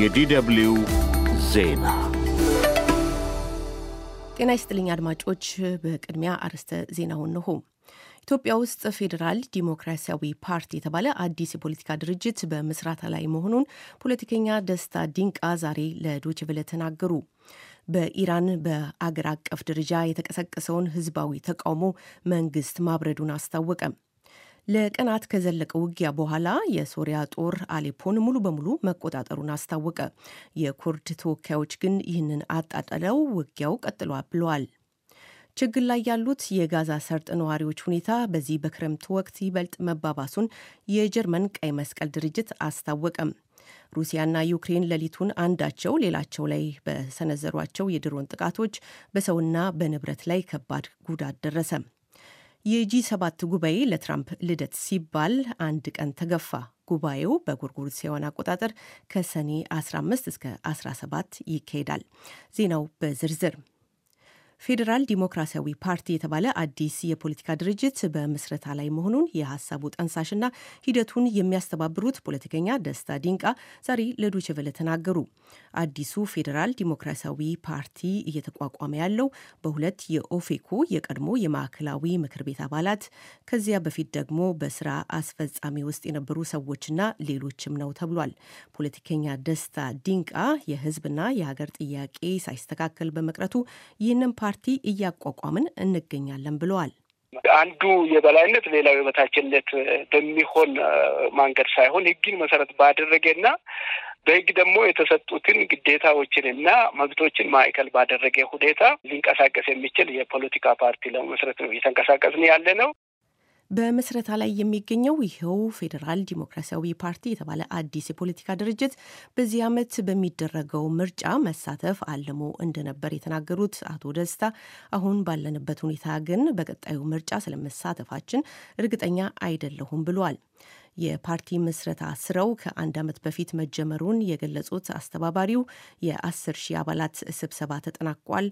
የዲደብልዩ ዜና ጤና ይስጥልኝ አድማጮች። በቅድሚያ አርስተ ዜናው እንሆ። ኢትዮጵያ ውስጥ ፌዴራል ዲሞክራሲያዊ ፓርቲ የተባለ አዲስ የፖለቲካ ድርጅት በምስረታ ላይ መሆኑን ፖለቲከኛ ደስታ ዲንቃ ዛሬ ለዶይቼ ተናገሩ። በኢራን በአገር አቀፍ ደረጃ የተቀሰቀሰውን ህዝባዊ ተቃውሞ መንግስት ማብረዱን አስታወቀ። ለቀናት ከዘለቀ ውጊያ በኋላ የሶሪያ ጦር አሌፖን ሙሉ በሙሉ መቆጣጠሩን አስታወቀ። የኩርድ ተወካዮች ግን ይህንን አጣጥለው ውጊያው ቀጥሏል ብለዋል። ችግር ላይ ያሉት የጋዛ ሰርጥ ነዋሪዎች ሁኔታ በዚህ በክረምት ወቅት ይበልጥ መባባሱን የጀርመን ቀይ መስቀል ድርጅት አስታወቀም። ሩሲያና ዩክሬን ሌሊቱን አንዳቸው ሌላቸው ላይ በሰነዘሯቸው የድሮን ጥቃቶች በሰውና በንብረት ላይ ከባድ ጉዳት ደረሰ። የጂ ሰባት ጉባኤ ለትራምፕ ልደት ሲባል አንድ ቀን ተገፋ። ጉባኤው በጉርጉር ሲሆን አቆጣጠር ከሰኔ 15 እስከ 17 ይካሄዳል። ዜናው በዝርዝር ፌዴራል ዲሞክራሲያዊ ፓርቲ የተባለ አዲስ የፖለቲካ ድርጅት በምስረታ ላይ መሆኑን የሀሳቡ ጠንሳሽና ሂደቱን የሚያስተባብሩት ፖለቲከኛ ደስታ ዲንቃ ዛሬ ለዶችቨለ ተናገሩ። አዲሱ ፌዴራል ዲሞክራሲያዊ ፓርቲ እየተቋቋመ ያለው በሁለት የኦፌኮ የቀድሞ የማዕከላዊ ምክር ቤት አባላት ከዚያ በፊት ደግሞ በስራ አስፈጻሚ ውስጥ የነበሩ ሰዎችና ሌሎችም ነው ተብሏል። ፖለቲከኛ ደስታ ዲንቃ የህዝብና የሀገር ጥያቄ ሳይስተካከል በመቅረቱ ይህንን ፓርቲ እያቋቋምን እንገኛለን ብለዋል። አንዱ የበላይነት ሌላው የበታችነት በሚሆን መንገድ ሳይሆን ህግን መሰረት ባደረገና በህግ ደግሞ የተሰጡትን ግዴታዎችንና መብቶችን ማዕከል ባደረገ ሁኔታ ሊንቀሳቀስ የሚችል የፖለቲካ ፓርቲ ለመመስረት ነው እየተንቀሳቀስን ያለ ነው። በመሰረታ ላይ የሚገኘው ይኸው ፌዴራል ዲሞክራሲያዊ ፓርቲ የተባለ አዲስ የፖለቲካ ድርጅት በዚህ ዓመት በሚደረገው ምርጫ መሳተፍ አልሞ እንደነበር የተናገሩት አቶ ደስታ አሁን ባለንበት ሁኔታ ግን በቀጣዩ ምርጫ ስለመሳተፋችን እርግጠኛ አይደለሁም ብሏል። የፓርቲ ምስረታ ስራው ከአንድ ዓመት በፊት መጀመሩን የገለጹት አስተባባሪው የአስር ሺህ አባላት ስብሰባ ተጠናቋል።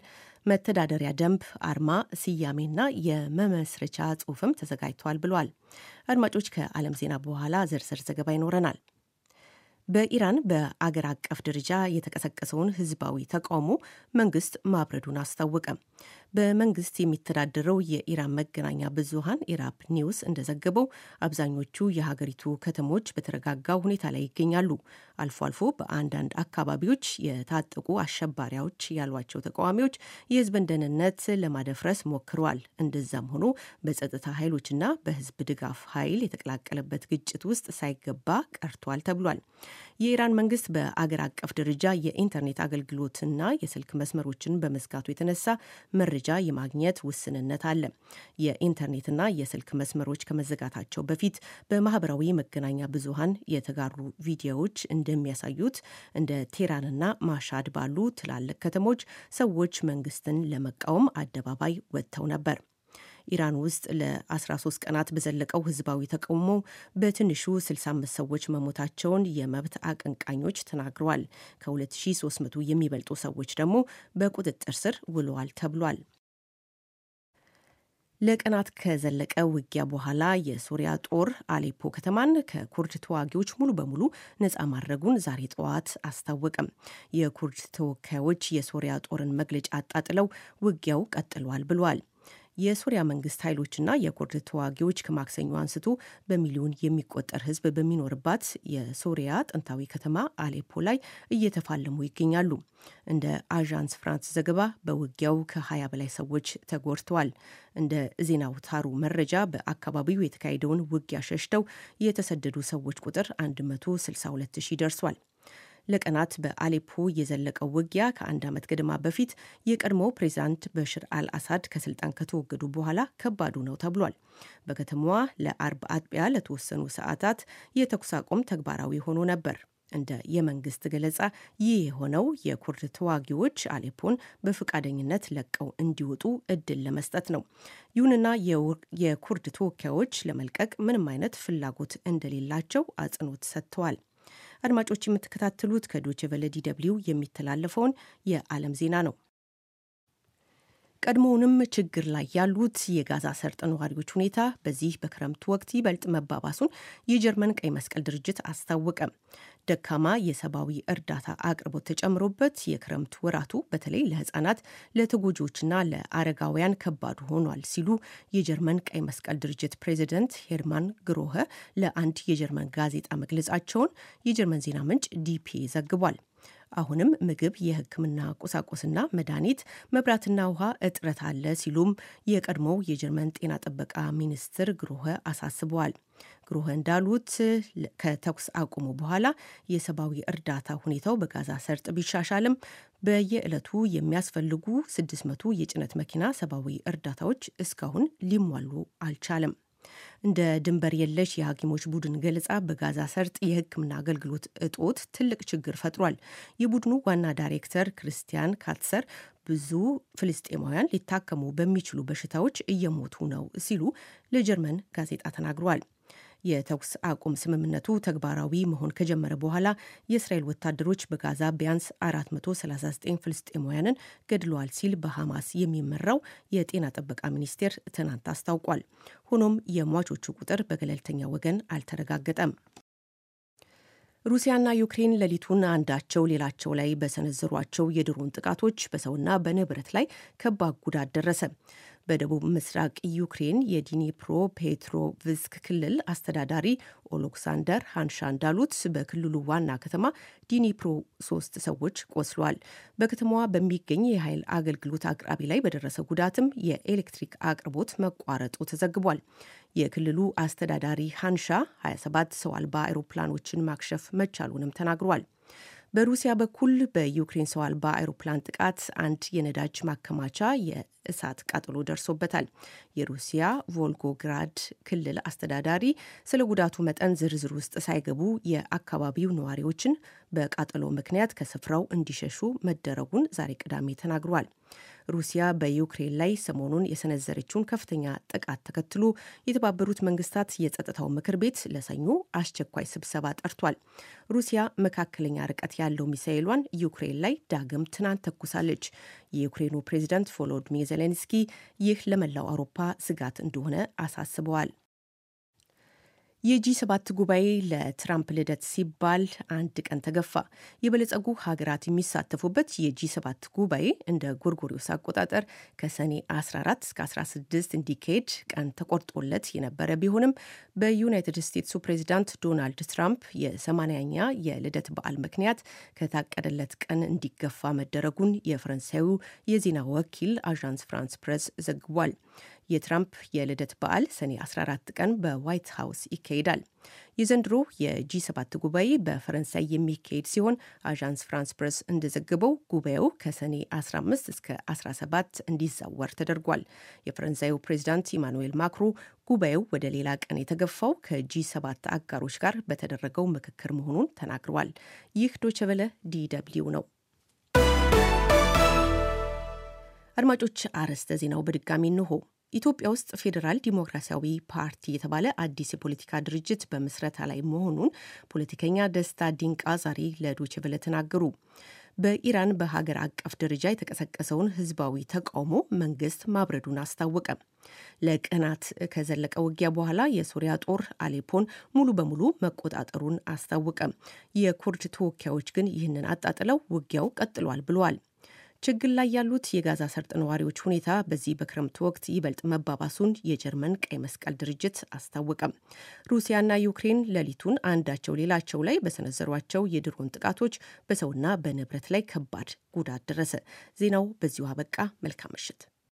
መተዳደሪያ ደንብ፣ አርማ፣ ስያሜና የመመስረቻ ጽሑፍም ተዘጋጅቷል ብሏል። አድማጮች ከዓለም ዜና በኋላ ዝርዝር ዘገባ ይኖረናል። በኢራን በአገር አቀፍ ደረጃ የተቀሰቀሰውን ህዝባዊ ተቃውሞ መንግስት ማብረዱን አስታወቀ። በመንግስት የሚተዳደረው የኢራን መገናኛ ብዙሀን ኢራፕ ኒውስ እንደዘገበው አብዛኞቹ የሀገሪቱ ከተሞች በተረጋጋ ሁኔታ ላይ ይገኛሉ። አልፎ አልፎ በአንዳንድ አካባቢዎች የታጠቁ አሸባሪዎች ያሏቸው ተቃዋሚዎች የህዝብን ደህንነት ለማደፍረስ ሞክረዋል። እንደዛም ሆኖ በጸጥታ ኃይሎችና በህዝብ ድጋፍ ኃይል የተቀላቀለበት ግጭት ውስጥ ሳይገባ ቀርቷል ተብሏል። የኢራን መንግስት በአገር አቀፍ ደረጃ የኢንተርኔት አገልግሎትና የስልክ መስመሮችን በመዝጋቱ የተነሳ መረጃ የማግኘት ውስንነት አለ። የኢንተርኔትና የስልክ መስመሮች ከመዘጋታቸው በፊት በማህበራዊ መገናኛ ብዙሃን የተጋሩ ቪዲዮዎች እንደሚያሳዩት እንደ ቴራንና ማሻድ ባሉ ትላልቅ ከተሞች ሰዎች መንግስትን ለመቃወም አደባባይ ወጥተው ነበር። ኢራን ውስጥ ለ13 ቀናት በዘለቀው ህዝባዊ ተቃውሞ በትንሹ 65 ሰዎች መሞታቸውን የመብት አቀንቃኞች ተናግረዋል። ከ2300 የሚበልጡ ሰዎች ደግሞ በቁጥጥር ስር ውለዋል ተብሏል። ለቀናት ከዘለቀ ውጊያ በኋላ የሶሪያ ጦር አሌፖ ከተማን ከኩርድ ተዋጊዎች ሙሉ በሙሉ ነጻ ማድረጉን ዛሬ ጠዋት አስታወቀም። የኩርድ ተወካዮች የሶሪያ ጦርን መግለጫ አጣጥለው ውጊያው ቀጥሏል ብሏል። የሶሪያ መንግስት ኃይሎችና የኩርድ ተዋጊዎች ከማክሰኞ አንስቶ በሚሊዮን የሚቆጠር ህዝብ በሚኖርባት የሶሪያ ጥንታዊ ከተማ አሌፖ ላይ እየተፋለሙ ይገኛሉ። እንደ አዣንስ ፍራንስ ዘገባ በውጊያው ከ20 በላይ ሰዎች ተጎድተዋል። እንደ ዜና አውታሩ መረጃ በአካባቢው የተካሄደውን ውጊያ ሸሽተው የተሰደዱ ሰዎች ቁጥር 162 ሺህ ደርሷል። ለቀናት በአሌፖ የዘለቀው ውጊያ ከአንድ ዓመት ገደማ በፊት የቀድሞው ፕሬዚዳንት በሽር አልአሳድ ከስልጣን ከተወገዱ በኋላ ከባዱ ነው ተብሏል። በከተማዋ ለአርብ አጥቢያ ለተወሰኑ ሰዓታት የተኩስ አቁም ተግባራዊ ሆኖ ነበር። እንደ የመንግስት ገለጻ ይህ የሆነው የኩርድ ተዋጊዎች አሌፖን በፈቃደኝነት ለቀው እንዲወጡ እድል ለመስጠት ነው። ይሁንና የኩርድ ተወካዮች ለመልቀቅ ምንም አይነት ፍላጎት እንደሌላቸው አጽንኦት ሰጥተዋል። አድማጮች የምትከታተሉት ከዶችቨለ ዲ ደብልዩ የሚተላለፈውን የዓለም ዜና ነው። ቀድሞውንም ችግር ላይ ያሉት የጋዛ ሰርጥ ነዋሪዎች ሁኔታ በዚህ በክረምት ወቅት ይበልጥ መባባሱን የጀርመን ቀይ መስቀል ድርጅት አስታወቀ። ደካማ የሰብአዊ እርዳታ አቅርቦት ተጨምሮበት የክረምት ወራቱ በተለይ ለሕጻናት ለተጎጂዎችና ለአረጋውያን ከባድ ሆኗል ሲሉ የጀርመን ቀይ መስቀል ድርጅት ፕሬዚደንት ሄርማን ግሮኸ ለአንድ የጀርመን ጋዜጣ መግለጻቸውን የጀርመን ዜና ምንጭ ዲፒ ዘግቧል። አሁንም ምግብ፣ የህክምና ቁሳቁስና መድኃኒት፣ መብራትና ውሃ እጥረት አለ ሲሉም የቀድሞው የጀርመን ጤና ጥበቃ ሚኒስትር ግሩኸ አሳስበዋል። ግሩኸ እንዳሉት ከተኩስ አቁሙ በኋላ የሰብአዊ እርዳታ ሁኔታው በጋዛ ሰርጥ ቢሻሻልም በየዕለቱ የሚያስፈልጉ 600 የጭነት መኪና ሰብአዊ እርዳታዎች እስካሁን ሊሟሉ አልቻለም። እንደ ድንበር የለሽ የሐኪሞች ቡድን ገለጻ በጋዛ ሰርጥ የሕክምና አገልግሎት እጦት ትልቅ ችግር ፈጥሯል። የቡድኑ ዋና ዳይሬክተር ክርስቲያን ካትሰር ብዙ ፍልስጤማውያን ሊታከሙ በሚችሉ በሽታዎች እየሞቱ ነው ሲሉ ለጀርመን ጋዜጣ ተናግረዋል። የተኩስ አቁም ስምምነቱ ተግባራዊ መሆን ከጀመረ በኋላ የእስራኤል ወታደሮች በጋዛ ቢያንስ 439 ፍልስጤማውያንን ገድለዋል ሲል በሐማስ የሚመራው የጤና ጥበቃ ሚኒስቴር ትናንት አስታውቋል። ሆኖም የሟቾቹ ቁጥር በገለልተኛ ወገን አልተረጋገጠም። ሩሲያና ዩክሬን ሌሊቱን አንዳቸው ሌላቸው ላይ በሰነዘሯቸው የድሮን ጥቃቶች በሰውና በንብረት ላይ ከባድ ጉዳት ደረሰ። በደቡብ ምስራቅ ዩክሬን የዲኒፕሮ ፔትሮቭስክ ክልል አስተዳዳሪ ኦሎክሳንደር ሃንሻ እንዳሉት በክልሉ ዋና ከተማ ዲኒፕሮ ሶስት ሰዎች ቆስሏል። በከተማዋ በሚገኝ የኃይል አገልግሎት አቅራቢ ላይ በደረሰ ጉዳትም የኤሌክትሪክ አቅርቦት መቋረጡ ተዘግቧል። የክልሉ አስተዳዳሪ ሃንሻ 27 ሰው አልባ አውሮፕላኖችን ማክሸፍ መቻሉንም ተናግሯል። በሩሲያ በኩል በዩክሬን ሰው አልባ አውሮፕላን ጥቃት አንድ የነዳጅ ማከማቻ የእሳት ቃጠሎ ደርሶበታል። የሩሲያ ቮልጎግራድ ክልል አስተዳዳሪ ስለ ጉዳቱ መጠን ዝርዝር ውስጥ ሳይገቡ የአካባቢው ነዋሪዎችን በቃጠሎ ምክንያት ከስፍራው እንዲሸሹ መደረጉን ዛሬ ቅዳሜ ተናግሯል። ሩሲያ በዩክሬን ላይ ሰሞኑን የሰነዘረችውን ከፍተኛ ጥቃት ተከትሎ የተባበሩት መንግስታት የጸጥታው ምክር ቤት ለሰኞ አስቸኳይ ስብሰባ ጠርቷል። ሩሲያ መካከለኛ ርቀት ያለው ሚሳኤሏን ዩክሬን ላይ ዳግም ትናንት ተኩሳለች። የዩክሬኑ ፕሬዚዳንት ቮሎዲሚር ዜሌንስኪ ይህ ለመላው አውሮፓ ስጋት እንደሆነ አሳስበዋል። የጂ ሰባት ጉባኤ ለትራምፕ ልደት ሲባል አንድ ቀን ተገፋ። የበለጸጉ ሀገራት የሚሳተፉበት የጂ ሰባት ጉባኤ እንደ ጎርጎሪዮስ አቆጣጠር ከሰኔ 14 እስከ 16 እንዲካሄድ ቀን ተቆርጦለት የነበረ ቢሆንም በዩናይትድ ስቴትሱ ፕሬዚዳንት ዶናልድ ትራምፕ የ80ኛ የልደት በዓል ምክንያት ከታቀደለት ቀን እንዲገፋ መደረጉን የፈረንሳዩ የዜና ወኪል አዣንስ ፍራንስ ፕሬስ ዘግቧል። የትራምፕ የልደት በዓል ሰኔ 14 ቀን በዋይት ሀውስ ይካሄዳል። የዘንድሮ የጂ 7 ጉባኤ በፈረንሳይ የሚካሄድ ሲሆን አዣንስ ፍራንስ ፕረስ እንደዘገበው ጉባኤው ከሰኔ 15 እስከ 17 እንዲዛወር ተደርጓል። የፈረንሳዩ ፕሬዚዳንት ኢማኑኤል ማክሮ ጉባኤው ወደ ሌላ ቀን የተገፋው ከጂ 7 አጋሮች ጋር በተደረገው ምክክር መሆኑን ተናግረዋል። ይህ ዶቸበለ ዲደብሊው ነው። አድማጮች፣ አርዕስተ ዜናው በድጋሚ እንሆ ኢትዮጵያ ውስጥ ፌዴራል ዲሞክራሲያዊ ፓርቲ የተባለ አዲስ የፖለቲካ ድርጅት በምስረታ ላይ መሆኑን ፖለቲከኛ ደስታ ዲንቃ ዛሬ ለዶይቼ ቬለ ተናገሩ። በኢራን በሀገር አቀፍ ደረጃ የተቀሰቀሰውን ህዝባዊ ተቃውሞ መንግስት ማብረዱን አስታወቀ። ለቀናት ከዘለቀ ውጊያ በኋላ የሶሪያ ጦር አሌፖን ሙሉ በሙሉ መቆጣጠሩን አስታወቀ። የኩርድ ተወካዮች ግን ይህንን አጣጥለው ውጊያው ቀጥሏል ብለዋል። ችግር ላይ ያሉት የጋዛ ሰርጥ ነዋሪዎች ሁኔታ በዚህ በክረምት ወቅት ይበልጥ መባባሱን የጀርመን ቀይ መስቀል ድርጅት አስታወቀም። ሩሲያና ዩክሬን ሌሊቱን አንዳቸው ሌላቸው ላይ በሰነዘሯቸው የድሮን ጥቃቶች በሰውና በንብረት ላይ ከባድ ጉዳት ደረሰ። ዜናው በዚሁ አበቃ። መልካም ምሽት።